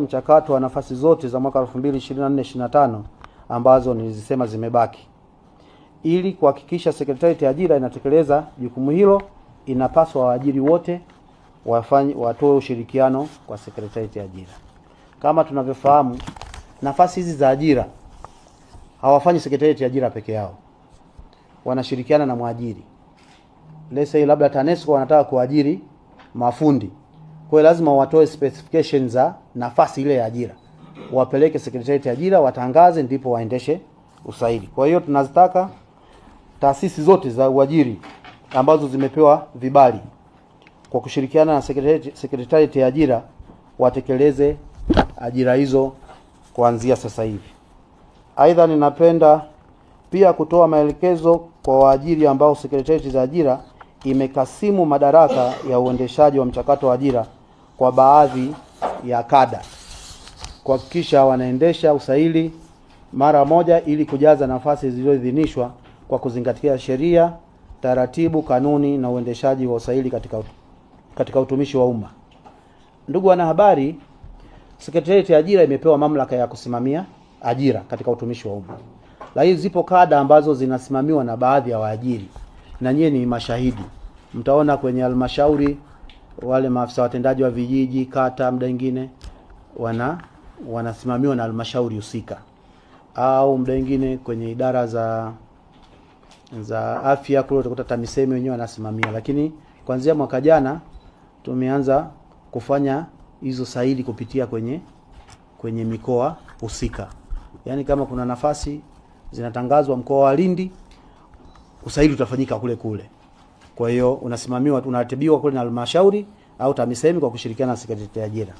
mchakato wa nafasi zote za mwaka 2024 2025 ambazo nilizisema zimebaki. Ili kuhakikisha Sekretarieti ya Ajira inatekeleza jukumu hilo, inapaswa waajiri wote wafanye watoe ushirikiano kwa Sekretarieti ya Ajira. Kama tunavyofahamu, nafasi hizi za ajira hawafanyi Sekretarieti ya Ajira peke yao, wanashirikiana na mwajiri. Lese labda TANESCO wanataka kuajiri mafundi kwa lazima watoe specification za nafasi ile ya ajira, wapeleke secretariat ya ajira, watangaze, ndipo waendeshe usaili. Kwa hiyo tunazitaka taasisi zote za uajiri ambazo zimepewa vibali kwa kushirikiana na secretariat ya ajira watekeleze ajira hizo kuanzia sasa hivi. Aidha, ninapenda pia kutoa maelekezo kwa waajiri ambao secretariat za ajira imekasimu madaraka ya uendeshaji wa mchakato wa ajira kwa baadhi ya kada kuhakikisha wanaendesha usaili mara moja ili kujaza nafasi zilizoidhinishwa kwa kuzingatia sheria, taratibu, kanuni na uendeshaji wa usaili katika, katika utumishi wa umma. Ndugu wanahabari, Sekretarieti ya Ajira imepewa mamlaka ya kusimamia ajira katika utumishi wa umma, lakini zipo kada ambazo zinasimamiwa na baadhi ya waajiri, na nyie ni mashahidi, mtaona kwenye halmashauri wale maafisa watendaji wa vijiji, kata, mda mwingine wana wanasimamiwa na halmashauri husika, au mda mwingine kwenye idara za za afya kule utakuta TAMISEMI wenyewe wanasimamia, lakini kuanzia mwaka jana tumeanza kufanya hizo saili kupitia kwenye kwenye mikoa husika. Yaani kama kuna nafasi zinatangazwa mkoa wa Lindi, usaili utafanyika kule kule. Kwa hiyo unasimamiwa, unaratibiwa kule na halmashauri au TAMISEMI kwa kushirikiana na sekretarieti ya ajira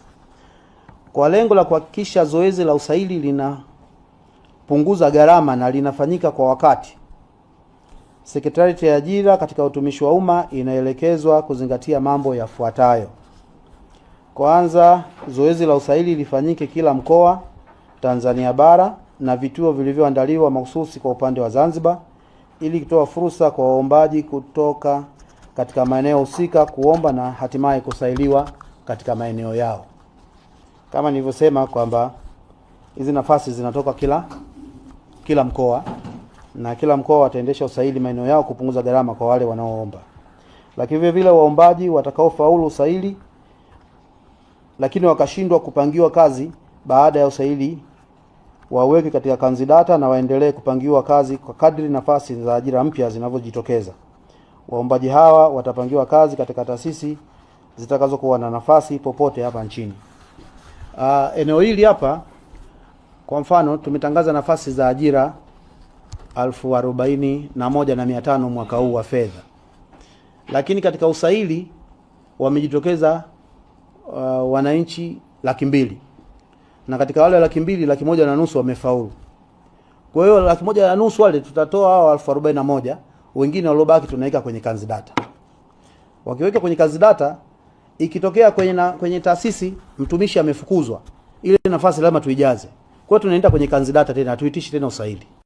kwa lengo la kuhakikisha zoezi la usaili linapunguza gharama na linafanyika kwa wakati. Sekretarieti ya ajira katika utumishi wa umma inaelekezwa kuzingatia mambo yafuatayo: kwanza, zoezi la usaili lifanyike kila mkoa Tanzania bara na vituo vilivyoandaliwa mahususi kwa upande wa Zanzibar ili kutoa fursa kwa waombaji kutoka katika maeneo husika kuomba na hatimaye kusailiwa katika maeneo yao. Kama nilivyosema kwamba hizi nafasi zinatoka kila kila mkoa na kila mkoa wataendesha usaili maeneo yao kupunguza gharama kwa wale wanaoomba, lakini vile vile waombaji watakaofaulu usaili lakini wakashindwa kupangiwa kazi baada ya usaili waweke katika kanzidata na waendelee kupangiwa kazi kwa kadri nafasi za ajira mpya zinavyojitokeza. Waombaji hawa watapangiwa kazi katika taasisi zitakazokuwa na nafasi popote hapa nchini. Uh, eneo hili hapa kwa mfano tumetangaza nafasi za ajira elfu arobaini na moja na mia tano mwaka huu wa fedha, lakini katika usaili wamejitokeza uh, wananchi laki mbili na katika wale laki mbili laki moja na nusu wamefaulu. Kwa hiyo laki moja na nusu wale tutatoa hao elfu arobaini na moja wengine waliobaki tunaweka kwenye kanzi data. Wakiweka kwenye kanzi data, ikitokea kwenye na, kwenye taasisi mtumishi amefukuzwa, ile nafasi lazima tuijaze. Kwa hiyo tunaenda kwenye kanzi data tena, hatuitishi tena usaili.